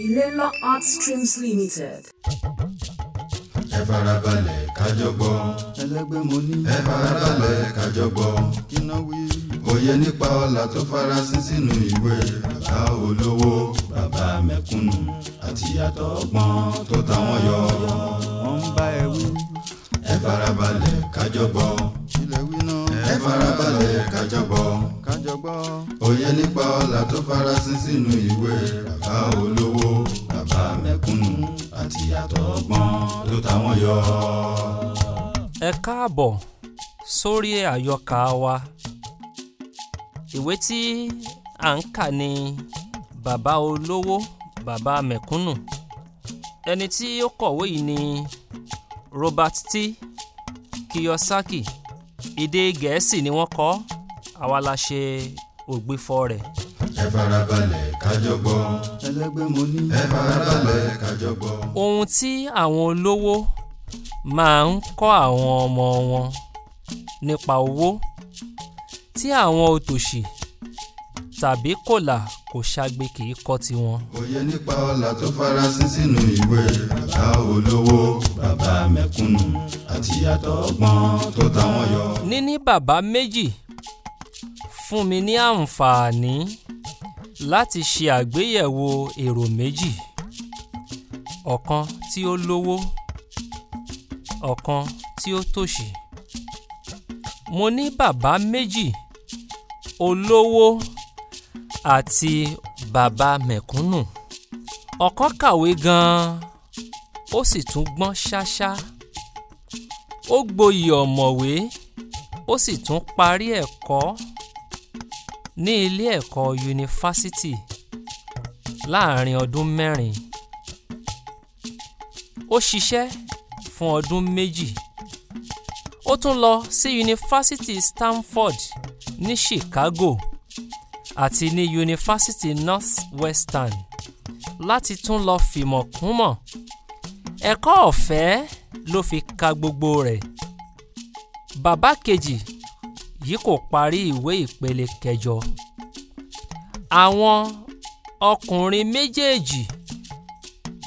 Ilénlọ́ Art Streams Limited. Ẹ farabalẹ̀ kájọ gbọ́. Ẹlẹ́gbẹ́ mo ní. Ẹ farabalẹ̀ kájọ gbọ́. Kíná wí. Òye nípa ọlà tó farasin sínú ìwé bàbá olówó, bàbá mẹ̀kúnnù àti ìyàtọ̀ ọgbọ́n tó táwọn yọ. Wọ́n ń bá ẹ wí. Ẹ farabalẹ̀ kájọ gbọ́. Ilẹ̀ wí náà. Ẹ farabalẹ̀ kájọ gbọ́ ọgbọ́n. òye nípa ọlà tó farasin sínú ìwé bàbá olówó bàbá mẹ̀kúnnù àti ìyàtọ̀ ọgbọ́n ló táwọn yọ. ẹ káàbọ̀ sórí àyọkà wa ìwé tí à ń kà ni bàbá olówó bàbá mẹ̀kúnnù ẹni tí ó kọ̀wé yìí ni Robert T. Kiyosaki èdè gẹ̀ẹ́sì ni wọ́n kọ ọ́ àwa la ṣe ògbéfọ̀ rẹ̀. ẹ farabalẹ̀ kájọ gbọ́. ẹlẹgbẹ́ mo ní. ẹ farabalẹ̀ kájọ gbọ́. ohun tí àwọn olówó máa ń kọ́ àwọn ọmọ wọn nípa owó tí àwọn òtòṣì tàbí kòlà kò ṣagbe kì í kọ́ tiwọn. òye nípa ọlà tó farasin sínú ìwé bàbá olówó bàbá mẹ̀kúnnù àti ìyàtọ̀ ọgbọ́n tó táwọn yọ. níní bàbá méjì fún mi ní àǹfààní láti ṣe àgbéyẹ̀wò èrò méjì ọ̀kan tí ó lówó ọ̀kan tí ó tòṣì mo ní bàbá méjì olówó àti bàbá mẹ̀kúnnù ọ̀kan kàwé gan-an ó sì tún gbọ́n ṣáṣá ó gboyè ọ̀mọ̀wé ó sì tún parí ẹ̀kọ́. E ní ilé ẹ̀kọ́ yunifásítì láàárín ọdún mẹ́rin ó ṣiṣẹ́ fún ọdún méjì ó tún lọ sí yunifásítì Stanford ní Chicago àti ní yunifásítì Northwestern láti tún lọ fìmọ̀ kúnmọ̀ ẹ̀kọ́ ọ̀fẹ́ ló fi ka gbogbo rẹ̀ bàbá kejì yìí kò parí ìwé ìpele kẹjọ àwọn ọkùnrin méjèèjì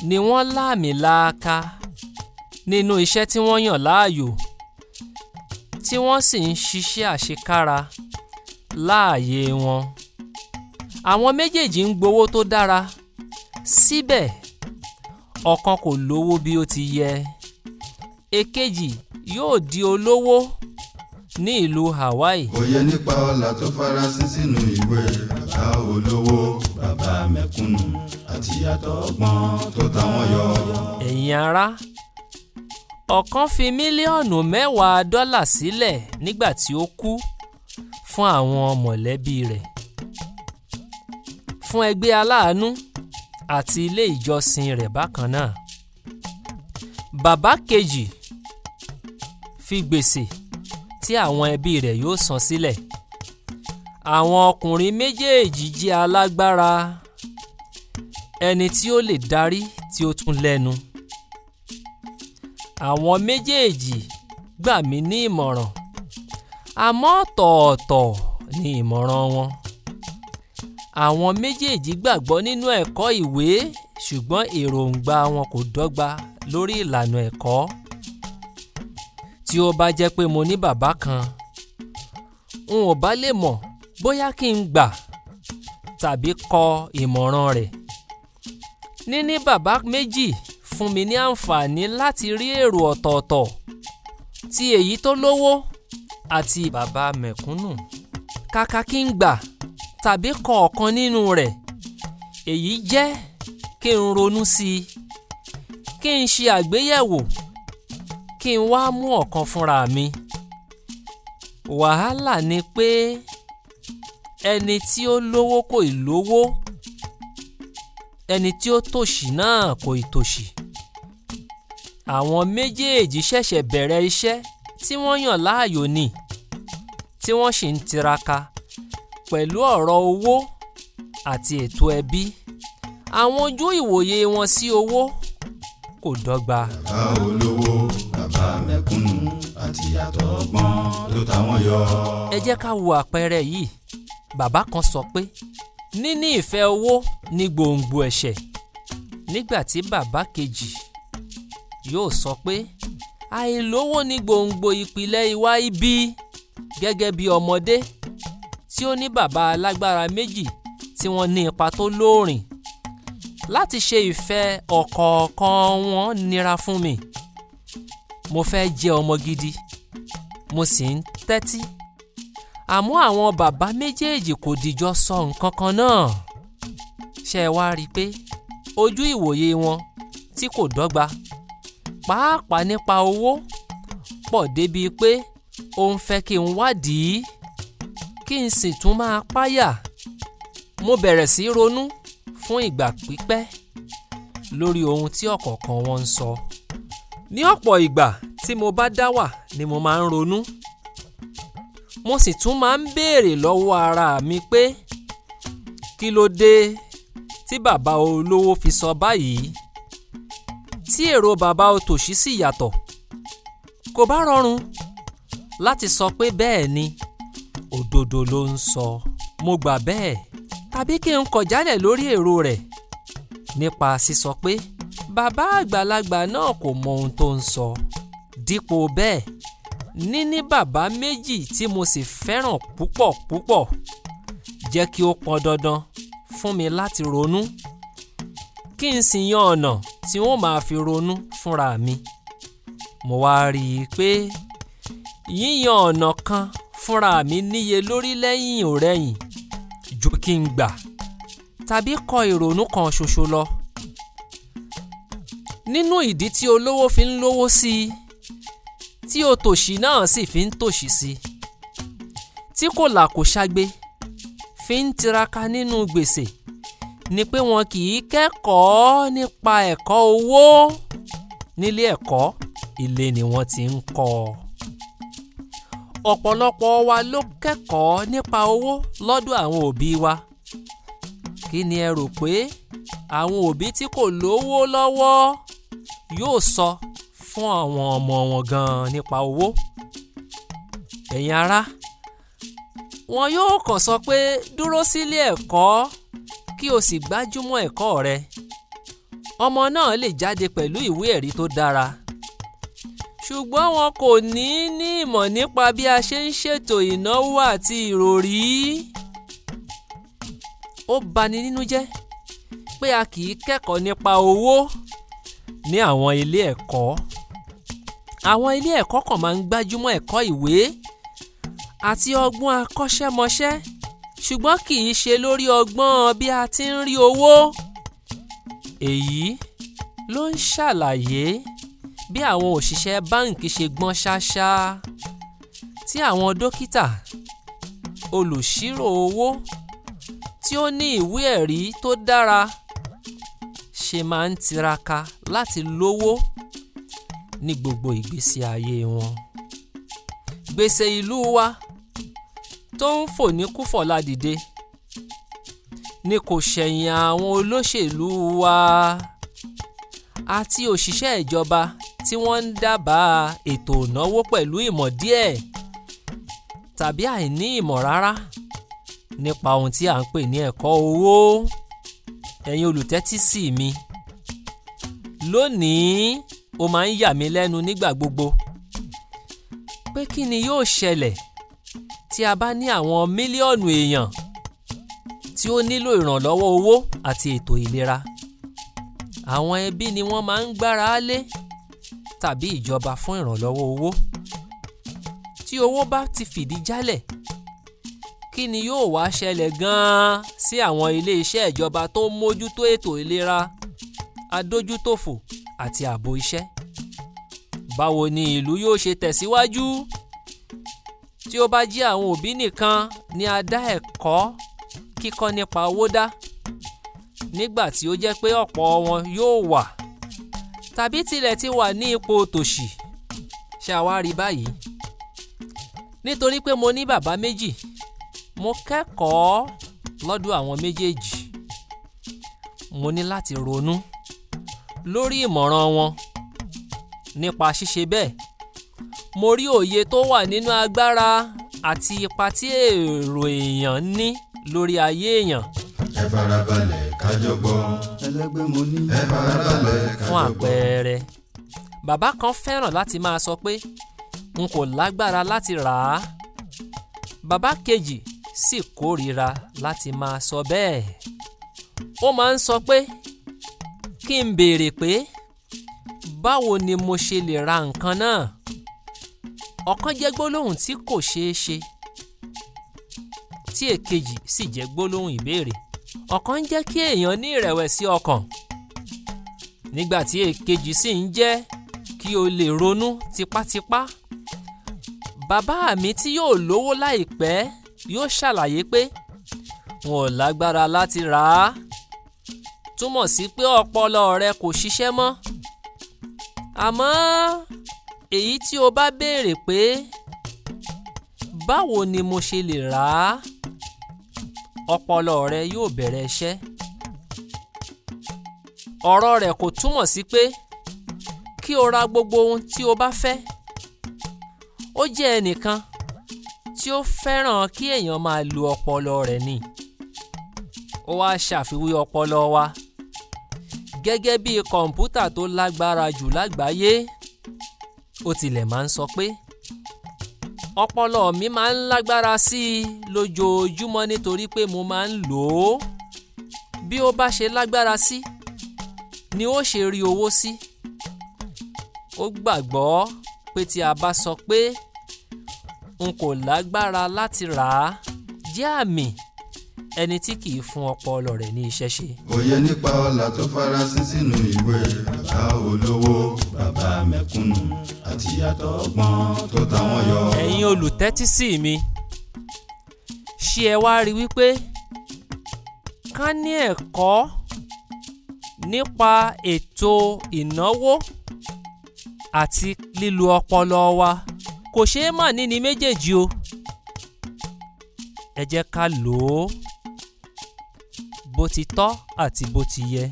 ni wọ́n láàmìlaaka nínú iṣẹ́ tí wọ́n yàn láàyò tí wọ́n sì ń ṣiṣẹ́ àṣekára láàyè wọn àwọn méjèèjì ń gbowó tó dára síbẹ̀ ọ̀kan kò lówó bí ó ti yẹ èkejì yóò di olówó ní ìlú Hawaii. òye nípa ọlà tó farasin sínú ìwé bàbá olówó bàbá mẹ̀kúnnù àti ìyàtọ̀ ọgbọ́n tó ta wọ́n yọ. ẹ̀yin ará ọ̀kan fi mílíọ̀nù mẹ́wàá dọ́là sílẹ̀ nígbà tí ó kú fún àwọn mọ̀lẹ́bí rẹ̀ fún ẹgbẹ́ aláàánú àti ilé ìjọsìn rẹ̀ bákan náà bàbá kejì fi gbèsè tí àwọn ẹbí rẹ̀ yóò san sílẹ̀ àwọn ọkùnrin méjèèjì jẹ́ alágbára ẹni tí ó lè darí tí ó tún lẹ́nu àwọn méjèèjì gbà mí ní ìmọ̀ràn àmọ́ ọ̀tọ̀ọ̀tọ̀ ni ìmọ̀ràn wọn àwọn méjèèjì gbàgbọ́ nínú ẹ̀kọ́ ìwé ṣùgbọ́n èròǹgbà wọn kò dọ́gba lórí ìlànà ẹ̀kọ́. E tí ó bá jẹ́ pé mo ní bàbá kan n ò bá lè mọ̀ bóyá kí n gbà tàbí kọ ìmọ̀ràn rẹ̀ níní bàbá méjì fún mi ní àǹfààní láti rí èrò ọ̀tọ̀ọ̀tọ̀ ti èyí tó lówó àti bàbá mẹ̀kúnnù kàkà kí n gbà tàbí kọ ọ̀kan nínú rẹ̀ èyí jẹ́ kí n ronú sí i kí n ṣe àgbéyẹ̀wò kí n wá mú ọ̀kan fúnra mi wàhálà ni pé ẹni tí ó lówó kò ì lówó ẹni tí ó tòṣì náà kò ì tòṣì àwọn méjèèjì ṣẹ̀ṣẹ̀ bẹ̀rẹ̀ iṣẹ́ tí wọ́n yàn láàyò ni tí wọ́n sì ń tiraka pẹ̀lú ọ̀rọ̀ owó àti ètò ẹbí àwọn ojú ìwòye wọn sí owó kò dọ́gba. bàbá olówó ọgbọ́n ló ta wọ́n yọ. ẹ jẹ́ ká wo àpẹẹrẹ yìí bàbá kan sọ pé níní ìfẹ́ owó ni gbòǹgbò ẹ̀ṣẹ̀ nígbà tí bàbá kejì yóò sọ pé àìlówó ni gbòǹgbò ìpìlẹ̀ ìwà ibi gẹ́gẹ́ bí ọmọdé tí ó ní bàbá alágbára méjì tí wọ́n ní ipa tó lóòrìn láti ṣe ìfẹ́ ọ̀kọ̀ọ̀kan wọn nira fún mi mo fẹ́ jẹ́ ọmọ gidi mo sì ń tẹ́tí àmọ́ àwọn bàbá méjèèjì kò dìjọ sọ nǹkan kan náà ṣe wá rí i pé ojú ìwòye wọn tí kò dọ́gba pàápàá nípa owó pọ̀ débi pé òun fẹ́ kí n wádìí kí n sì tún máa páyà mo bẹ̀rẹ̀ sí ronú fún ìgbà pípẹ́ lórí ohun tí ọ̀kọ̀ọ̀kan wọn ń sọ ní ọ̀pọ̀ ìgbà tí mo bá dá wà ni mo máa ń ronú mo sì tún máa ń béèrè lọ́wọ́ ara mi pé kí ló dé tí bàbá olówó fi sọ báyìí tí èrò bàbá òtòṣì sì yàtọ̀ kò bá rọrùn láti sọ pé bẹ́ẹ̀ ni òdodo ló ń sọ mo gbà bẹ́ẹ̀ tàbí kí n kọ̀ jálẹ̀ lórí èrò rẹ̀ nípa sísọ pé bàbá àgbàlagbà náà kò mọ ohun tó ń sọ. So dípò bẹ́ẹ̀ níní bàbá méjì tí mo sì fẹ́ràn púpọ̀ púpọ̀ jẹ́ kí ó pọn dandan fún mi láti ronú kí n sì yan ọ̀nà tí wọ́n máa fi ronú fúnra mi mo wá rí i pé yíyan ọ̀nà kan fúnra mi níye lórí lẹ́yìn ọ̀rẹ́yìn ju kí n gbà tàbí kọ ìrònú kan ṣoṣo lọ nínú ìdí tí olówó fi ń lówó sí i tí òtòṣì náà sì fi ń tòṣì sí tí kò là kò ṣagbe fi ń tiraka nínú gbèsè ni pé wọn kì í kẹ́kọ̀ọ́ nípa ẹ̀kọ́ owó nílé ẹ̀kọ́ ilé ni wọ́n ti ń kọ́ ọ. ọ̀pọ̀lọpọ̀ wa ló kẹ́kọ̀ọ́ nípa owó lọ́dọ̀ àwọn òbí wa kí ni ẹ rò pé àwọn òbí tí kò lówó lọ́wọ́ yóò sọ fún àwọn ọmọ wọn gan-an nípa owó ẹ̀yin ará wọn yóò kàn sọ pé dúró sílé ẹ̀kọ́ kí o sì gbájúmọ́ ẹ̀kọ́ rẹ ọmọ náà lè jáde pẹ̀lú ìwé ẹ̀rí tó dára ṣùgbọ́n wọn kò ní ní ìmọ̀ nípa bí a ṣe ń ṣètò ìnáwó àti ìròrí ó bani nínú jẹ́ pé a kì í kẹ́kọ̀ọ́ nípa owó ní àwọn ilé ẹ̀kọ́. E àwọn ilé ẹ̀kọ́ kan máa ń gbájúmọ́ ẹ̀kọ́ ìwé àti ọgbọ́n akọ́ṣẹ́mọṣẹ́ ṣùgbọ́n kì í ṣe lórí ọgbọ́n bí a ti ń rí owó èyí ló ń ṣàlàyé bí àwọn òṣìṣẹ́ báǹkì ṣe gbọ́n ṣáṣá tí àwọn dókítà olùṣírò owó tí ó ní ìwé ẹ̀rí tó dára ṣe máa ń tiraka láti lówó ní gbogbo ìgbésí ayé wọn. gbèsè ìlú wa tó ń fò ní kúfọ̀lá dìde ni kò ṣẹ̀yìn àwọn olóṣèlú wa àti òṣìṣẹ́ ìjọba tí wọ́n ń dábàá ètò ìnáwó pẹ̀lú ìmọ̀ díẹ̀ tàbí àìní ìmọ̀ rárá nípa ohun tí à ń pè ní ẹ̀kọ́ owó ẹ̀yin olùtẹ́tísì mi lónìí ó máa ń yà mí lẹ́nu nígbà gbogbo pé kí ni yóò ṣẹlẹ̀ tí a bá ní àwọn mílíọ̀nù èèyàn tí ó nílò ìrànlọ́wọ́ owó àti ètò ìlera àwọn ẹbí ni wọ́n máa ń gbára lé tàbí ìjọba fún ìrànlọ́wọ́ owó tí owó bá ti fìdí jálẹ̀ kí ni yóò wá ṣẹlẹ̀ gan-an sí àwọn ilé iṣẹ́ ìjọba tó ń mójútó ètò ìlera adójútòfò àti ààbò iṣẹ́. báwo ni ìlú yóò ṣe tẹ̀síwájú? tí ó bá jẹ́ àwọn òbí nìkan ni a dá ẹ̀kọ́ kíkọ́ nípa owó dá nígbà tí ó jẹ́ pé ọ̀pọ̀ wọn yóò wà tàbí tilẹ̀ ti wà ní ipò tòṣì ṣàwárí báyìí nítorí pé mo ní bàbá méjì mo kẹ́kọ̀ọ́ lọ́dọ̀ àwọn méjèèjì mo ní láti ronú lórí ìmọ̀ràn wọn nípa ṣíṣe bẹ́ẹ̀ mo rí òye tó wà nínú agbára àti ipa tí èrò èèyàn ní lórí ayé èèyàn. ẹ farabalẹ̀ kájọ gbọ́ ẹlẹ́gbẹ́ mo ní ẹ farabalẹ̀ kájọ gbọ́. fún àpẹẹrẹ bàbá kan fẹ́ràn láti máa sọ pé n kò lágbára láti rà á bàbá kejì sì kórìíra láti máa sọ bẹ́ẹ̀ ó máa ń sọ pé kí n béèrè pé báwo ni mo ṣe lè ra nǹkan náà ọ̀kan jẹ́ gbólóhùn tí kò ṣeé ṣe tí èkejì sì jẹ́ gbólóhùn ìbéèrè ọ̀kan ń jẹ́ kí èèyàn ní ìrẹ̀wẹ̀sì ọkàn nígbà tí èkejì sì ń jẹ́ kí o lè ronú tipátipá bàbá mi tí yóò lówó láìpẹ́ yóò ṣàlàyé pé wọn ò lágbára láti rà á túmọ̀ sí pé ọpọlọ rẹ kò ṣiṣẹ́ mọ́ àmọ́ èyí tí o bá béèrè pé báwo ni mo ṣe lè rà á ọpọlọ rẹ yóò bẹ̀rẹ̀ iṣẹ́ ọ̀rọ̀ rẹ̀ kò túmọ̀ sí pé kí o ra gbogbo ohun tí o bá fẹ́ ó jẹ́ ẹnìkan tí ó fẹ́ràn kí èèyàn máa lo ọpọlọ rẹ̀ ni ó wá ṣàfiwé ọpọlọ wa gẹ́gẹ́ bí kọ̀ǹpútà tó lágbára jù lágbàáyé ó tilẹ̀ máa ń sọ pé ọpọlọ mi máa ń lágbára sí i lójoojúmọ́ nítorí pé mo máa ń lò ó bí ó bá ṣe lágbára sí ni ó ṣe rí owó sí ó gbàgbọ́ pé tí a bá sọ pé n kò lágbára láti rà á jẹ́ àmì ẹni tí kì í fún ọpọlọ rẹ̀ ní iṣẹ́ ṣe. òye nípa ọlà tó farasin sínú ìwé bàbá olówó bàbá mẹ̀kúnnù àti ìyàtọ̀ ọgbọ́n tó táwọn yọ. ẹ̀yin olùtẹ́tísí mi ṣé ẹ wá rí wípé ká ní ẹ̀kọ́ nípa ètò ìnáwó àti lílo ọpọlọ wa kò ṣeé mà ní méjèèjì o ẹ jẹ́ ká lò ó bó ti tọ́ àti bó ti yẹ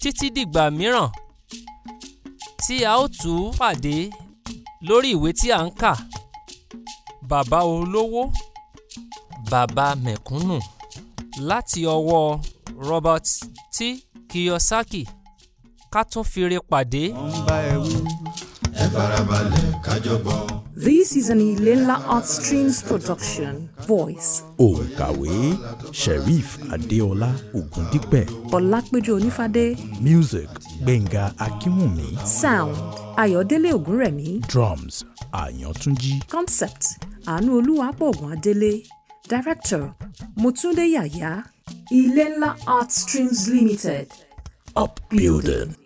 títí dìgbà mìíràn tí a ó tún pàdé lórí ìwé tí a ń kà bàbá olówó bàbá mẹ̀kúnnù láti ọwọ́ Robert T. Kiyosaki ká tún fi re pàdé. ẹ farabalẹ̀ kájọ gbọ́. This is an Ilela Art Streams production. Voice. Òǹkàwé Sherif Adéọlá Ògúndípẹ̀. Ọlápéjú Onífádé. Music Gbénga Akínwùmí. Sound Ayọ̀délé Ògúnrẹ̀mí. Drums Àyàntúnjí. Concept Àánú Olúwapọ̀gùn Adélé. Director Mọ́túndé Yàyà. Ilela Art Streams Limited. Upbuilding.